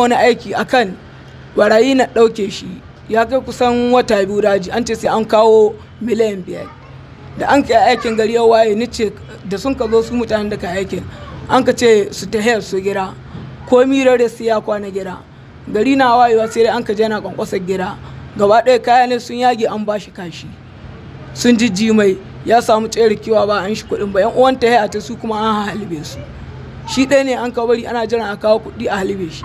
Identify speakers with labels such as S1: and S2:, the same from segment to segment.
S1: wani aiki akan barayi na ɗauke shi ya kai kusan wata biyu daji an ce sai an kawo miliyan biyar da an kai aikin gari yau waye ni ce da sun ka zo su mutanen da ka aikin an ka ce su ta su gira ko mirare su ya kwana gira gari na wayewa sai an ka je na kwankwasa gira gaba ɗaya kaya sun yage an bashi kashi sun jijji mai ya samu tsirkiwa ba an shi kuɗin ba yan uwan ta ta su kuma an halibe su shi ɗaya ne an ka bari ana jiran a kawo kuɗi a halibe shi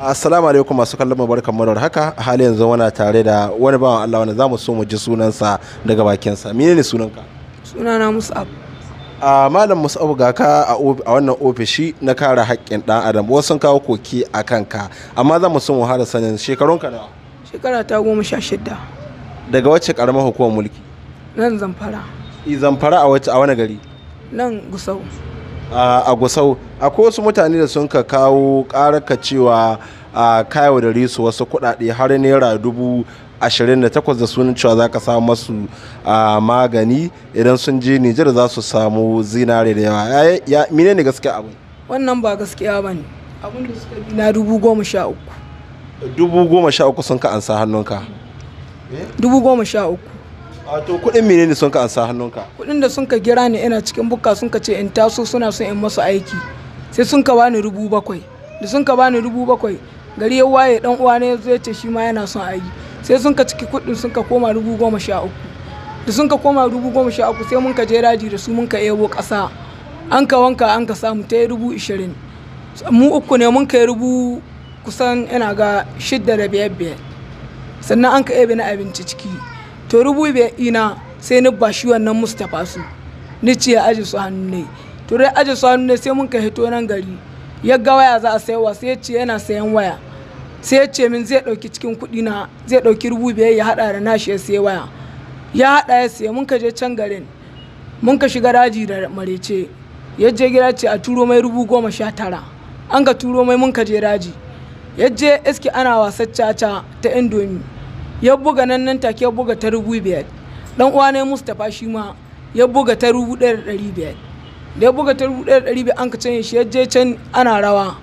S2: assalamu alaikum masu kallon barkan mu da haka a halin yanzu wana tare da wani bawan Allah wanda zamu so mu ji sunansa daga bakinsa menene sunanka
S1: sunana Mus'ab
S2: a malam Mus'ab ga ka a wannan ofishi na kare haƙƙin dan adam wasu sun kawo koki a kanka amma za mu so mu har sanin shekarunka nawa
S1: shekara ta goma sha shida
S2: daga wacce karamar hukumar mulki
S1: nan zamfara
S2: i zamfara a wacce a wani gari
S1: nan gusau
S2: a gusau akwai wasu mutane da sun ka kawo karaka cewa a kayo da risu wasu kuɗaɗe har naira dubu ashirin da takwas da sunan cewa za ka samu masu magani idan sun je nijar za su samu zinare da yawa mine ne gaskiya abin
S1: wannan ba gaskiya ba ne abin da suka
S2: bi na dubu goma sha uku dubu goma sha uku sun ka ansa hannunka dubu goma sha uku to kuɗin ne sun ka ansa hannunka
S1: kuɗin da sun ka gira ni ina cikin bukka sun ka ce in taso suna son in masu aiki sai sun ka bani rubu bakwai da sun ka bani rubu bakwai gari ya waye dan uwa ne zai ya ce shi ma yana son aiki sai sun ka ciki kuɗin sun ka koma rubu goma sha uku da sun ka koma rubu goma sha uku sai mun ka je daji da su mun ka yabo kasa an ka wanka an ka samu ta rubu ishirin mu uku ne mun ka rubu kusan ina ga shidda da biyar biyar sannan an ka ebe na abinci ciki to rubu bai ina sai ni bashi wannan mustapha su ni ce ya aji su hannu ne to dai aji su hannu ne sai mun ka hito nan gari ya ga waya za a sayarwa sai ya ce yana sayan waya sai ya ce min zai ɗauki cikin kuɗi na zai ɗauki rubu biyar ya hada da nashi ya sayi waya ya haɗa ya sayi mun ka je can garin mun ka shiga daji da marece ya je gida ce a turo mai rubu goma sha tara an ga turo mai mun ka je daji ya je iski ana wasa caca ta indomi ya buga nan nan take ya buga ta rubu biyar dan uwa ne mustapha shi ma ya buga ta rubu ɗaya da ɗari biyar da ya buga ta rubu ɗaya da ɗari biyar an ka canye shi ya je can ana rawa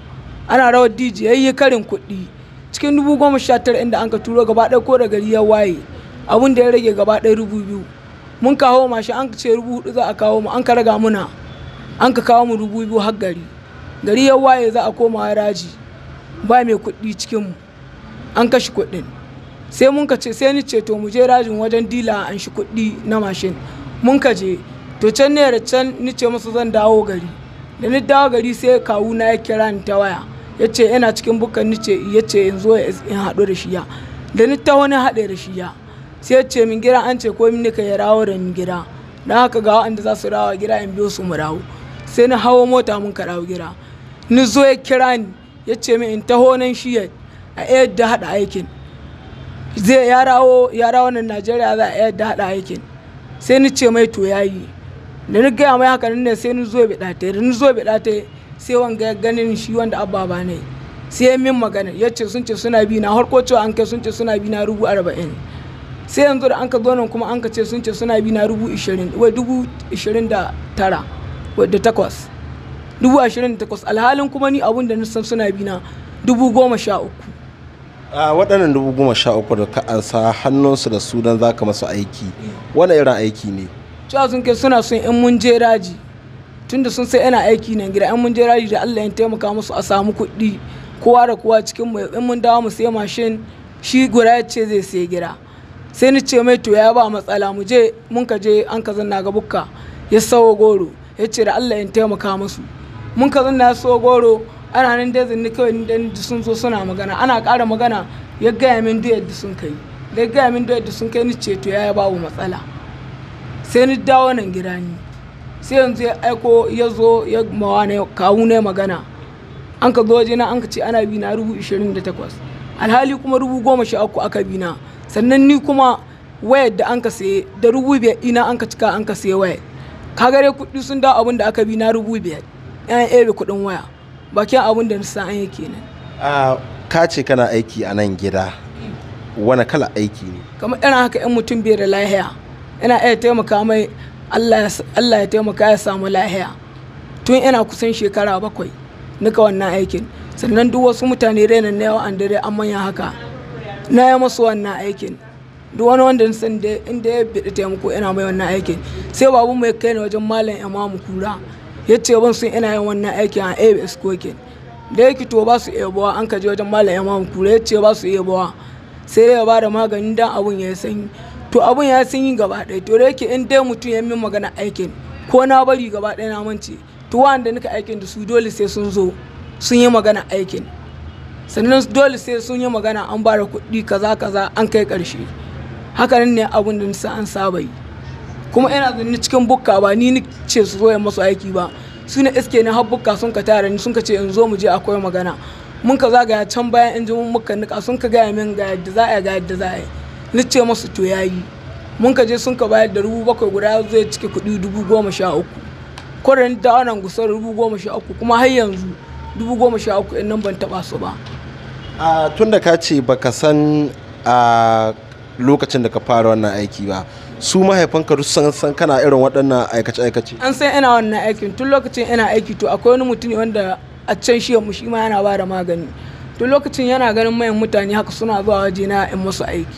S1: ana rawa dj ya yi karin kuɗi cikin dubu goma sha tara inda an ka turo gaba ɗaya ko da gari ya waye abin da ya rage gaba ɗaya rubu biyu mun kawo ma shi an ka ce rubu hudu za a kawo mu an ka raga muna an ka kawo mu rubu biyu har gari gari ya waye za a koma haraji ba mai kuɗi cikinmu an kashe kuɗin sai mun ka ce sai ni ce to mu je rajin wajen dila an shi kuɗi na mashin mun ka je to can ne da can ni ce musu zan dawo gari da ni dawo gari sai kawu na ya kira ni ta waya ya ce yana cikin bukkan ni ce ya ce in zo in haɗu da shiya da ni ta wani haɗe da shiya sai ya ce min gira an ce ko min ka ya rawo da min gira don haka ga wanda za su rawa gira in biyo su mu rawo sai na hawo mota mun ka rawo gira ni zo ya kira ni ya ce min in taho nan shiya a yadda haɗa aikin zai ya rawo ya rawo nan najeriya za a yadda haɗa aikin sai ni ce mai to yayi da ni gaya mai haka ne sai ni zo bi ɗata da ni zo bi ɗata sai wanga ganin shi wanda abba ba ne sai min magana ya ce sun ce suna bi na harko cewa an kai sun ce suna bi na rubu arba'in sai yanzu da an ka zo nan kuma an ka ce sun ce suna bi na rubu ishirin wai dubu ishirin da tara da takwas dubu ashirin da takwas alhalin kuma ni abun da nisan suna bi na dubu goma sha uku
S2: a waɗannan dubu goma sha uku da ka ansa hannunsu da su don zaka masu aiki wani irin aiki ne
S1: cewa sun ke suna son in mun je tun da sun sai yana aiki na gida in mun je da Allah ya taimaka musu a samu kuɗi kowa da kowa cikin mu in mun dawo mu sai mashin shi guda ya ce zai sai gida sai ni ce mai to ya ba matsala mu je mun ka je an ka zanna ga bukka ya sawo goro ya ce da Allah ya taimaka musu mun ka zanna ya sawo goro ana nan dai zanni kawai dan sun zo suna magana ana ƙara magana ya gaya min da yadda sun kai da ya gaya min da yadda sun kai ni ceto ya babu matsala sai ni dawo nan gida ni sai yanzu ya aiko ya zo ya mawa ne kawo ne magana an ka zo wajena an ka ce ana bi na rubu 28 alhali kuma rubu goma sha uku aka bi na sannan ni kuma wayar da an ka saye da rubu biyar ina an ka cika an ka saye wayar kagare kuɗi sun dawo abin da aka bi na rubu biyar 'yan ebe kuɗin waya bakin abin da nisa an yi
S2: kenan ka ce kana aiki a nan gida wani kala aiki ne
S1: kamar irin haka in mutum bai da lahiya ina iya taimaka mai allah ya taimaka ya samu lahiya tun ina kusan shekara bakwai nika wannan aikin sannan duk wasu mutane renan na yawa an dare an manya haka na yi masu wannan aikin duk wani wanda san inda ya da taimako ina mai wannan aikin sai babu mai kai na wajen malam imamu kura ya ce ban sun ina yin wannan aiki a abs Koke. da yake to ba su iya bawa an je wajen malam imam kura ya ce ba su iya bawa sai dai ya ba da magani dan abun ya sanyi to abun ya sanyi gaba ɗaya to da yake in dai mutum ya min magana aikin ko na bari gaba ɗaya na mance to wanda nika aikin da su dole sai sun zo sun yi magana aikin sannan dole sai sun yi magana an ba da kuɗi kaza kaza an kai ƙarshe hakanan ne abun da nisa an saba yi kuma ina zanne cikin bukka ba ni ni ce su zo masu aiki ba su ne iske ne har bukka sun ka tare ni sun ka ce in zo mu je akwai magana mun ka zagaya can bayan in ji mun muka nika sun ka gaya min ga yadda za a ga yadda za a ni ce masu to yayi mun ka je sun ka bayar da rubu bakwai guda zai cike kuɗi dubu goma sha uku kwarin da wannan gusar dubu goma sha uku kuma har yanzu dubu goma sha uku in nan ban taɓa su ba.
S2: tun da ka ce baka san a lokacin da ka fara wannan aiki ba su mahaifanka duk san san kana irin waɗannan aikace aikace
S1: an san ina wannan aikin tun lokacin ina aiki to akwai wani mutum wanda a can shi mu shi ma yana ba da magani tun lokacin yana ganin mayan mutane haka suna zuwa waje na in musu aiki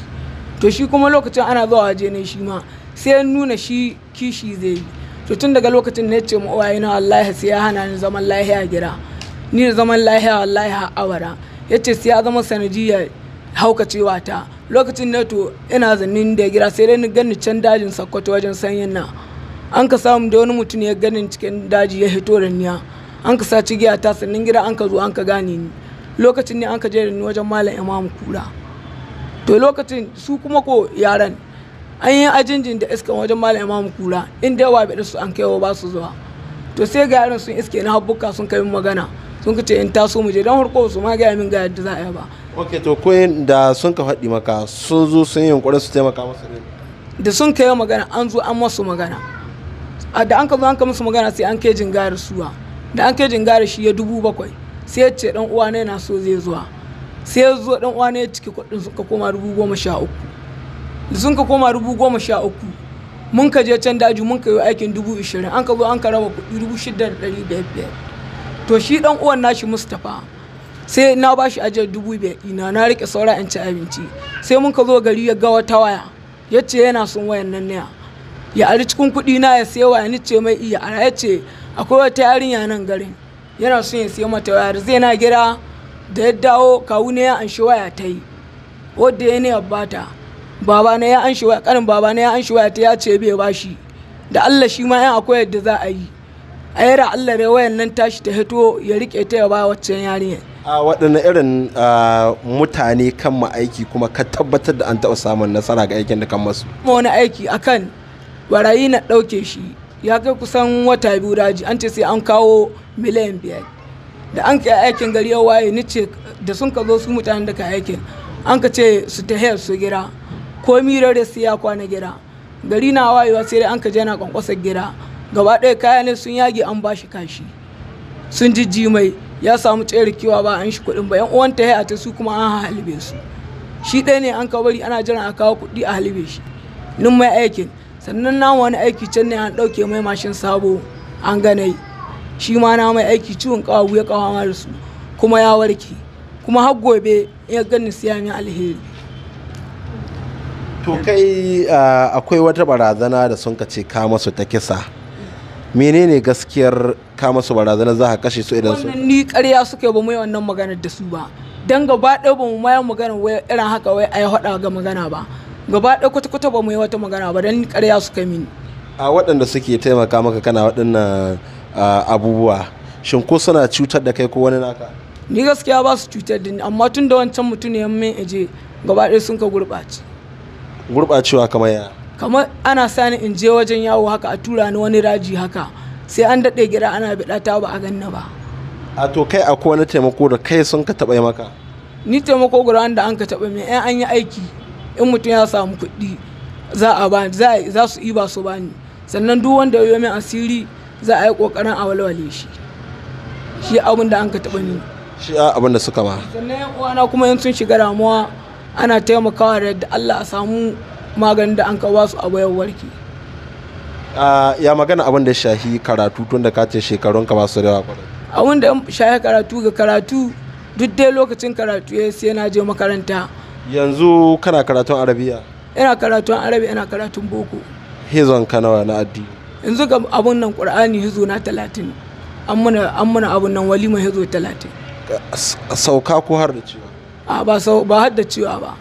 S1: to shi kuma lokacin ana zuwa waje ne shi ma sai ya nuna shi kishi zai yi to tun daga lokacin ne ce mu uwaye na wallahi sai ya hana ni zaman lahiya gida ni da zaman lahiya wallahi a awara yace sai ya zama sanadiyar haukacewa ta lokacin na to ina zannin da gira sai dai ni gani can dajin sakkwato wajen sanyin na an ka samu da wani mutum ya ganin cikin daji ya hito da niya an ka sa cigiya ta sannan gida an ka zo an ka gane ni lokacin ne an ka je da ni wajen malam imam kura to lokacin su kuma ko yaran an yi ajinjin da iska wajen malam imam kura inda yawa bai su an kaiwa ba su zuwa to sai ga yaran sun iske na habbuka sun kai magana sun kace in taso mu je dan harko su ma ga min ga yadda za a yi ba
S2: ok to kai da sun ka faɗi maka sun zo sun yi yunkurin su taimaka masu ne
S1: da sun kai magana an zo an masu magana da an ka zo an ka masu magana sai an kai jingari suwa da an kai jingari shi ya dubu bakwai sai ya ce dan uwa ne na so zai zuwa sai ya zo dan uwa ne ya cike kuɗin suka koma dubu goma sha uku da sun ka koma dubu goma sha uku mun ka je can daji mun ka yi aikin dubu ishirin an ka zo an ka raba kuɗi dubu shida da ɗari biyar to shi dan uwan nashi mustapha sai na ba shi ajiyar dubu biyar ina na rike saura in ci abinci sai mun ka zo gari ya ga wata waya ya ce yana son wayan nan naya ya ari cikin kuɗi na ya sai waya ni ce mai iya ara ya ce akwai wata yarinya nan garin yana son ya sai mata waya zai na gira da ya dawo kawu ne ya anshi waya ta yi wadda ya ne bata baba ne ya shi waya karin baba ne ya anshi waya ta ya ce bai bashi da Allah shi ma yan akwai yadda za a yi a yara allah ne wayan nan tashi ta hito ya rike ta ya ba waccan yarinya
S2: a waɗanne irin mutane kan ma aiki kuma ka tabbatar da an taɓa samun nasara ga aikin da kan masu
S1: wani aiki akan barayi na ɗauke shi ya kai kusan wata biyu daji an ce sai an kawo miliyan biyar da an kai aikin gari ya waye ni ce da sun ka zo su mutanen da ka aikin an ka ce su ta su gira komi rare sai ya kwana gira gari na wayewa sai dai an ka je na kwankwasar gira gaba ɗaya kaya sun yage an ba shi kashi sun jijji mai ya samu tsirikewa ba an shi kuɗin ba yan uwan ta ya ta su kuma an halibe su shi ɗaya ne an bari ana jiran a kawo kuɗi a halibe shi nin mai aikin sannan na wani aiki can ne an ɗauke mai mashin sabo an ganai shi ma na mai aiki ciwon kawo ya kawo da su kuma ya warke kuma har gobe ya gani siya min alheri
S2: to kai ah, akwai wata barazana da sun ka ce ka masu ta kisa menene gaskiyar ka masu barazana za ka kashe su idan su wannan
S1: ni ƙarya suke ba mu yi wannan magana da su ba dan gaba ɗaya ba mu mayar magana wai irin haka wai ai haɗa ga magana ba gaba ɗaya kwata-kwata ba mu yi wata magana ba dan ƙarya suka
S2: mini a waɗanda suke taimaka maka kana waɗannan abubuwa shin ko suna cutar da kai ko wani naka
S1: ni gaskiya ba su cutar da ni amma tun da wancan mutum ne ya min aje gaba ɗaya sun ka gurɓace
S2: gurɓacewa kamar ya
S1: kamar ana sani in je wajen yawo haka a tura ni wani raji haka sai an daɗe gida ana ta ba a ganna ba
S2: a to kai akwai wani taimako da kai sun ka taɓa maka
S1: ni taimako guda wanda an ka taɓa mai an yi aiki in mutum ya samu kuɗi za a ba za su iba su bani sannan duk wanda ya min asiri za a yi ƙoƙarin a walwale shi shi abin da an ka taɓa ni
S2: shi abin da suka ba
S1: sannan yan uwana kuma in sun shiga damuwa ana taimakawa da yadda Allah a samu maganin da an kawo su a bayan warki
S2: ya magana abin da shahi karatu tun da kace shekarun ka ba su da
S1: abin da shahi karatu ga karatu duk dai lokacin karatu ya sai na je makaranta
S2: yanzu kana karatun arabiya
S1: ina karatun arabi ina karatun boko
S2: hizon ka nawa na addini
S1: yanzu ga abun nan qur'ani hizo na 30 an muna an muna abun nan walima hizo 30
S2: sauka ko har da cewa
S1: a ba sau ba har da cewa ba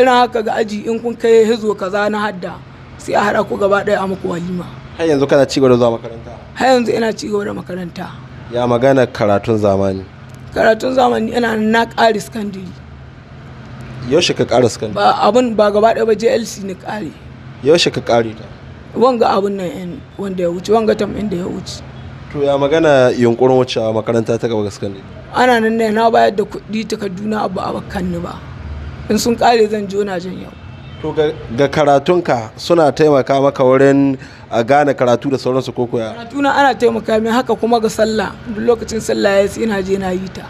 S1: Ina haka ga aji in kun kai hizo kaza na hadda sai a haɗa ku gaba ɗaya a muku walima
S2: har yanzu kana ci gaba da zuwa makaranta
S1: har yanzu ina ci gaba da makaranta
S2: ya magana karatun zamani
S1: karatun zamani ina na ƙari sakandiri
S2: yaushe ka ƙara sakandiri
S1: ba abun ba gaba ɗaya ba JLC ni ƙari
S2: yaushe ka ƙari ta
S1: wanga abun nan wanda ya wuce wanga tam inda ya wuce
S2: to ya magana yunkurin wuce makaranta ta gaba sakandiri
S1: ana nan ne na bayar da kuɗi takarduna abu a bakanni ba in sun kare zan jona jan yau
S2: to ga karatunka suna taimaka maka wurin a gane karatu da sauransu ko koya
S1: karatu na ana taimaka min haka kuma ga sallah duk lokacin sallah ya sai ina je na yi ta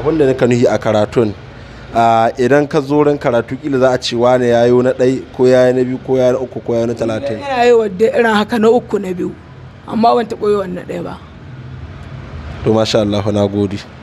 S2: abin da nika nuhi a karatun idan ka zo ran karatu kila za a ce wane ya yi na ɗai ko ya na biyu ko ya na uku ko ya na talatin
S1: ina yi wadda irin haka na uku na biyu amma ban taɓa yi wannan ɗaya ba
S2: to masha Allah na gode